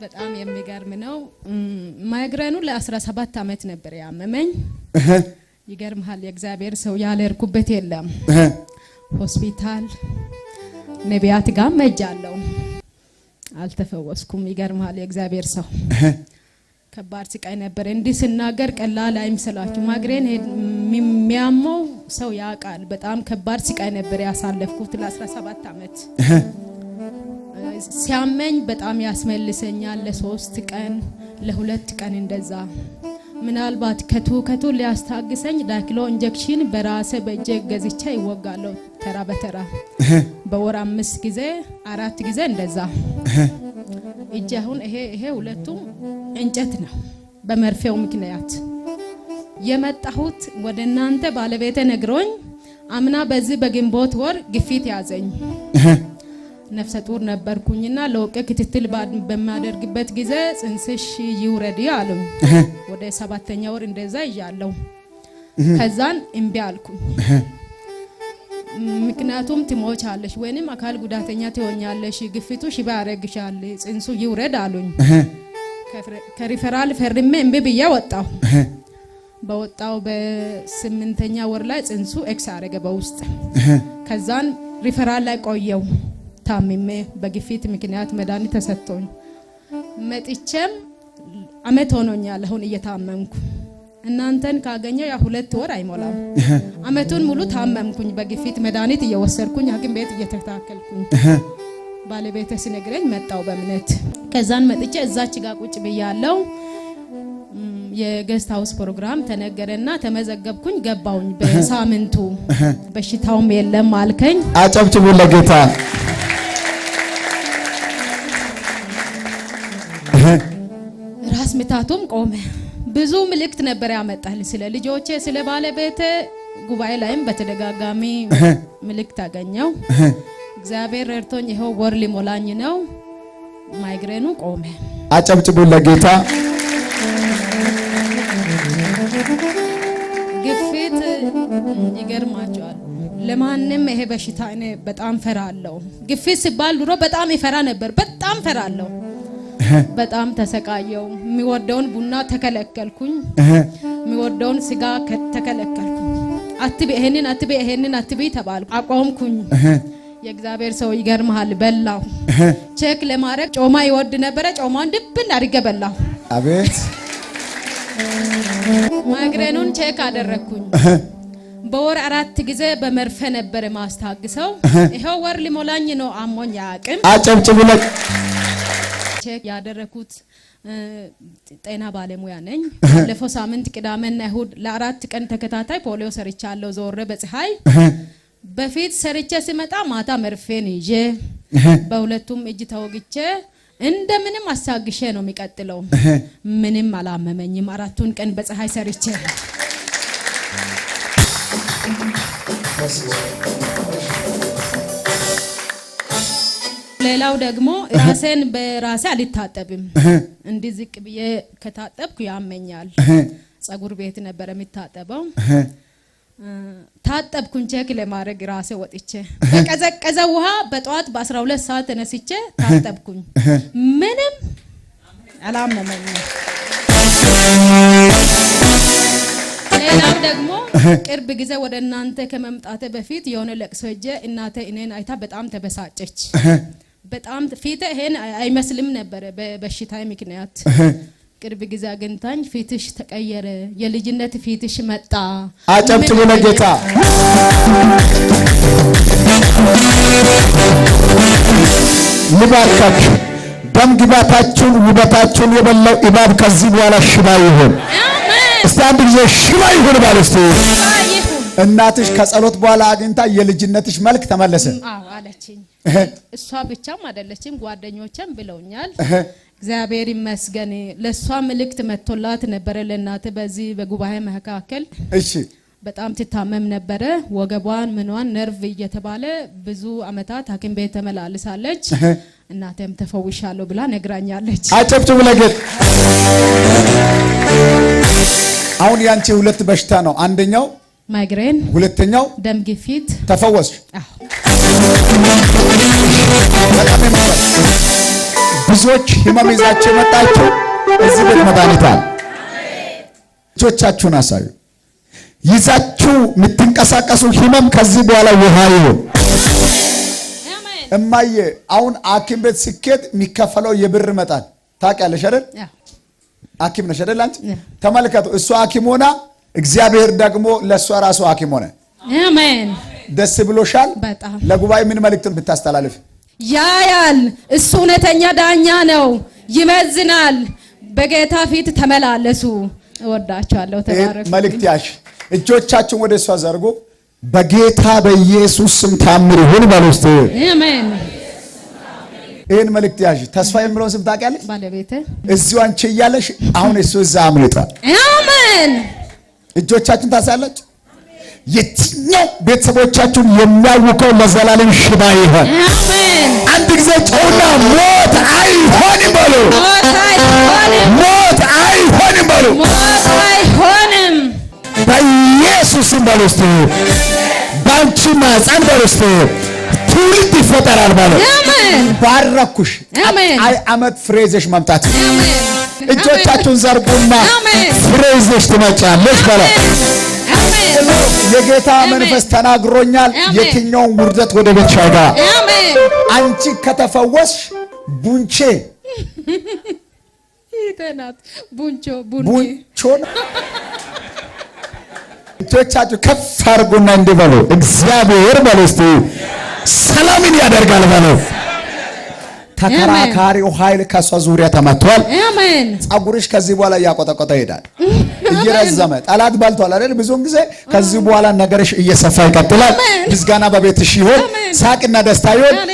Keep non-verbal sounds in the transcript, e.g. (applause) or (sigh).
በጣም የሚገርም ነው። ማይግረኑ ለ17 ዓመት ነበር ያመመኝ። ይገርምሃል፣ የእግዚአብሔር ሰው ያለርኩበት የለም። ሆስፒታል ነቢያት ጋር መጃለው፣ አልተፈወስኩም። ይገርምሃል፣ የእግዚአብሔር ሰው ከባድ ስቃይ ነበር። እንዲህ ስናገር ቀላል አይምሰላችሁ። ማግሬን የሚያመው ሰው ያውቃል። በጣም ከባድ ስቃይ ነበር ያሳለፍኩት ለ17 ዓመት ሲያመኝ በጣም ያስመልሰኛል። ለሶስት ቀን ለሁለት ቀን እንደዛ ምናልባት ከቱ ከቱ ሊያስታግሰኝ ዳክሎ ኢንጀክሽን በራሴ በእጄ ገዝቻ ይወጋለሁ ተራ በተራ በወር አምስት ጊዜ አራት ጊዜ እንደዛ እጅ አሁን ይሄ ይሄ ሁለቱም እንጨት ነው። በመርፌው ምክንያት የመጣሁት ወደ እናንተ ባለቤተ ነግሮኝ አምና በዚህ በግንቦት ወር ግፊት ያዘኝ ነፍሰ ጡር ነበርኩኝና ለወቅ ክትትል በማደርግበት ጊዜ ጽንስሽ ይውረድ አለው። ወደ ሰባተኛ ወር እንደዛ ይዣለሁ። ከዛን እምቢ አልኩኝ። ምክንያቱም ትሞቻለሽ ወይንም አካል ጉዳተኛ ትሆኛለሽ፣ ግፊቱ ሽባ ያረግሻል፣ ጽንሱ ይውረድ አሉኝ። ከሪፈራል ፈርሜ እምቢ ብዬ ወጣሁ። በወጣው በስምንተኛ ወር ላይ ጽንሱ ኤክስ አረገ በውስጥ ከዛን ሪፈራል ላይ ቆየው ታምሜ በግፊት ምክንያት መድኃኒት ተሰጥቶኝ መጥቼም አመት ሆኖኛል አሁን እየታመምኩ እናንተን ካገኘው ያ ሁለት ወር አይሞላም። አመቱን ሙሉ ታመምኩኝ በግፊት መድኃኒት እየወሰድኩኝ ሐኪም ቤት እየተታከልኩኝ ባለቤቴ ሲነግረኝ መጣው በእምነት ከዛን መጥቼ እዛች ጋር ቁጭ ብያለው። የገስት ሀውስ ፕሮግራም ተነገረና ተመዘገብኩኝ ገባውኝ። በሳምንቱ በሽታውም የለም አልከኝ። አጨብጭቡ ለጌታ። ራስ ምታቱም ቆመ። ብዙ ምልክት ነበር ያመጣል። ስለ ልጆቼ፣ ስለ ባለቤቴ ጉባኤ ላይም በተደጋጋሚ ምልክት አገኘው። እግዚአብሔር ረድቶኝ ይኸው ወር ሊሞላኝ ነው። ማይግሬኑ ቆመ። አጨብጭቡ ለጌታ። ግፊት ይገርማቸዋል። ለማንም ይሄ በሽታ እኔ በጣም ፈራለሁ። ግፊት ሲባል ድሮ በጣም ይፈራ ነበር። በጣም ፈራለሁ። በጣም ተሰቃየው። የሚወደውን ቡና ተከለከልኩኝ፣ የሚወደውን ስጋ ተከለከልኩኝ። አትቤ ይሄንን አትቤ ይሄንን አትቤ ተባልኩ፣ አቋምኩኝ። የእግዚአብሔር ሰው ይገርመሃል። በላሁ ቼክ ለማድረግ ጮማ ይወድ ነበረ። ጮማን ድብን አድርጌ በላሁ። አቤት ማግረኑን ቼክ አደረግኩኝ። በወር አራት ጊዜ በመርፌ ነበረ ማስታግሰው። ይኸው ወር ሊሞላኝ ነው። አሞኝ አያውቅም። አጨብጭቡለት ቼክ ያደረኩት ጤና ባለሙያ ነኝ። ባለፈው ሳምንት ቅዳሜና እሁድ ለአራት ቀን ተከታታይ ፖሊዮ ሰርቻለሁ። ዞረ በፀሐይ በፊት ሰርቼ ስመጣ ማታ መርፌን ይዤ በሁለቱም እጅ ተወግቼ እንደምንም አሳግሼ ነው የሚቀጥለው። ምንም አላመመኝም። አራቱን ቀን በፀሐይ ሰርቼ ሌላው ደግሞ ራሴን በራሴ አልታጠብም። እንዲህ ዝቅ ብዬ ከታጠብኩ ያመኛል። ጸጉር ቤት ነበር የሚታጠበው። ታጠብኩን ቼክ ለማድረግ ራሴ ወጥቼ በቀዘቀዘ ውሃ በጠዋት በ12 ሰዓት ተነስቼ ታጠብኩኝ። ምንም አላመመኝም። ሌላው ደግሞ ቅርብ ጊዜ ወደ እናንተ ከመምጣቴ በፊት የሆነ ለቅሶ ሄጄ እናቴ እኔን አይታ በጣም ተበሳጨች። በጣም ፊት ይሄን አይመስልም ነበረ በበሽታ ምክንያት። (laughs) ቅርብ ጊዜ አግኝታኝ ፊትሽ ተቀየረ፣ የልጅነት ፊትሽ መጣ። አጨብጭቡ ለጌታ። ልባርካችሁ። ደም ግባታችሁን፣ ውበታችሁን የበላው እባብ ከዚህ በኋላ ሽባ ይሁን። እስቲ አንድ ጊዜ ሽባ ይሁን ባል። እናትሽ ከጸሎት በኋላ አግኝታ የልጅነትሽ መልክ ተመለሰ አለችኝ። (laughs) እሷ ብቻም አይደለችም፣ ጓደኞቼም ብለውኛል። እግዚአብሔር ይመስገን። ለእሷ ምልክት መጥቶላት ነበረ። ለእናት በዚህ በጉባኤ መካከል እሺ በጣም ትታመም ነበረ። ወገቧን ምኗን ነርቭ እየተባለ ብዙ አመታት ሐኪም ቤት ተመላልሳለች። እናቴም ተፈውሻለሁ ብላ ነግራኛለች። አጨብጭቡ ለጌታ። አሁን ያንቺ ሁለት በሽታ ነው። አንደኛው ማይግሬን፣ ሁለተኛው ደም ግፊት። ተፈወስሽ። ብዙዎች ህመም ይዛችሁ የመጣችሁ እዚህ ቤት መድኃኒት አለ። ልጆቻችሁን አሳዩ። ይዛችሁ የምትንቀሳቀሱ ህመም ከዚህ በኋላ ውሃ ይሁን። እማዬ አሁን ሐኪም ቤት ስኬት የሚከፈለው የብር መጣል ታውቂያለሽ አይደል? ሐኪም ነሽ አይደል አንቺ? ተመልከቱ እሱ ሐኪም ሆና እግዚአብሔር ደግሞ ለእሷ ራሱ ሐኪም ሆነ። አሜን። ደስ ብሎሻል? በጣም ለጉባኤ ምን መልእክት ብታስተላልፍ? ያያል፣ እሱ እውነተኛ ዳኛ ነው፣ ይመዝናል። በጌታ ፊት ተመላለሱ። እወዳቸዋለሁ። ተባረኩ። መልእክት ያሽ እጆቻችሁን ወደ እሷ ዘርጉ። በጌታ በኢየሱስ ስም ታምር ይሁን ባለስተ አሜን። ይህን መልእክት ያዥ። ተስፋ የምለውን ስም ታውቂያለሽ። ባለቤት እዚሁ አንቺ እያለሽ አሁን እሱ እዛ አምልጧል። አሜን። እጆቻችን ታሳላችሁ። የትኛው ቤተሰቦቻችሁን የሚያውቀው ለዘላለም ሽባ ይሆን? አንድ ጊዜ ጨውና ሞት አይሆንም በሉ፣ ሞት አይሆንም በሉ፣ በኢየሱስም በሉ ውስጥ በአንቺ ማህፀን በሉ ውስጥ ትውልድ ይፈጠራል ማለት ባረኩሽ። አመት ፍሬዘሽ መምጣት እጆቻችሁን ዘርጉና ፍሬዘሽ ትመጫለሽ በለው። የጌታ መንፈስ ተናግሮኛል። የትኛውን ውርደት ወደ ቤት ሻጋ አንቺ ከተፈወስሽ ቡንቼ ቡንቾን እጆቻችሁ ከፍ አድርጉና እንዲበሉ እግዚአብሔር በሉ ሰላምን ያደርጋል በለው። ተከራካሪው ኃይል ከእሷ ዙሪያ ተመቷል። ጸጉርሽ ከዚህ በኋላ እያቆጠቆጠ ይሄዳል፣ (laughs) እየረዘመ ጠላት በልቷል አይደል? ብዙውን ጊዜ ከዚህ በኋላ ነገርሽ እየሰፋ ይቀጥላል። ምስጋና በቤትሽ ይሆን፣ ሳቅና ደስታ ይሆን።